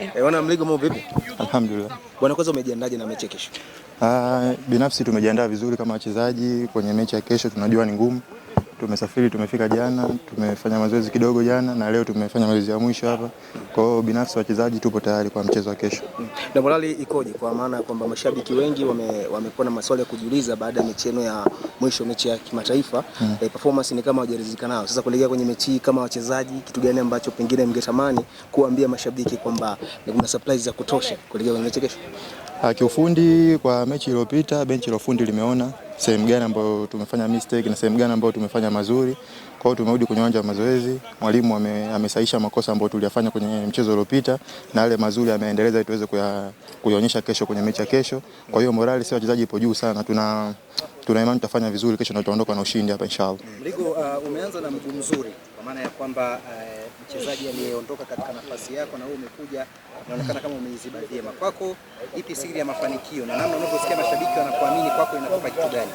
Eh, wana mligo mambo vipi? Alhamdulillah. Bwana, kwanza umejiandaje na mechi ya kesho? Ah, binafsi tumejiandaa vizuri kama wachezaji kwenye mechi ya kesho, tunajua ni ngumu tumesafiri, tumefika jana, tumefanya mazoezi kidogo jana na leo tumefanya mazoezi ya mwisho hapa. Kwa hiyo binafsi wachezaji tupo tayari kwa mchezo wa kesho. Na morali ikoje? Kwa maana ya kwamba mashabiki wengi wamekuwa na maswali ya kujiuliza baada ya mechi yenu ya mwisho, mechi ya kimataifa hmm. E, performance ni kama hawajaridhika nao. Sasa kuelekea kwenye mechi hii kama wachezaji, kitu gani ambacho pengine mngetamani kuambia mashabiki kwamba kuna surprise za kutosha kuelekea kwenye mechi kesho? Ah, kiufundi, kwa mechi iliyopita benchi la ufundi limeona sehemu gani ambayo tumefanya mistake na sehemu gani ambayo tumefanya mazuri. Kwa hiyo tumerudi kwenye uwanja wa mazoezi, mwalimu amesaisha makosa ambayo tuliyafanya kwenye mchezo uliopita na yale mazuri ameendeleza tuweze kuyaonyesha kesho kwenye mechi ya kesho. Kwa hiyo morali sio wachezaji ipo juu sana, tuna tuna imani tutafanya vizuri kesho na tutaondoka na ushindi hapa inshallah. Mligo, uh, umeanza na mguu mzuri kwa maana ya kwamba uh, mchezaji aliyeondoka katika nafasi yako na wewe umekuja, inaonekana kama umeiziba vyema. Kwako ipi siri ya mafanikio na namna unavyosikia mashabiki wanakuamini có là hoạch bạch đền?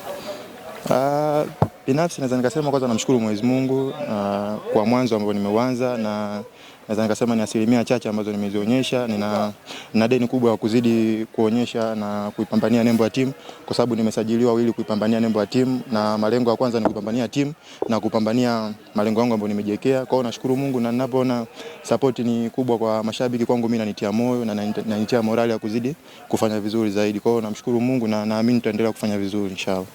À, Binafsi naweza nikasema kwanza namshukuru Mwenyezi Mungu uh, kwa mwanzo ambao nimeuanza, na naweza nikasema ni asilimia chache ambazo nimezionyesha. Nina na deni kubwa ya kuzidi kuonyesha na kuipambania nembo ya timu, kwa sababu nimesajiliwa ili kuipambania nembo ya timu, na malengo ya kwanza ni kuipambania timu na kupambania malengo yangu ambayo nimejiwekea. Kwa hiyo nashukuru Mungu na ninapoona support ni kubwa kwa mashabiki kwangu, mimi nanitia moyo na nanitia morali ya kuzidi kufanya vizuri zaidi. Kwa hiyo namshukuru Mungu na naamini tutaendelea kufanya vizuri inshallah.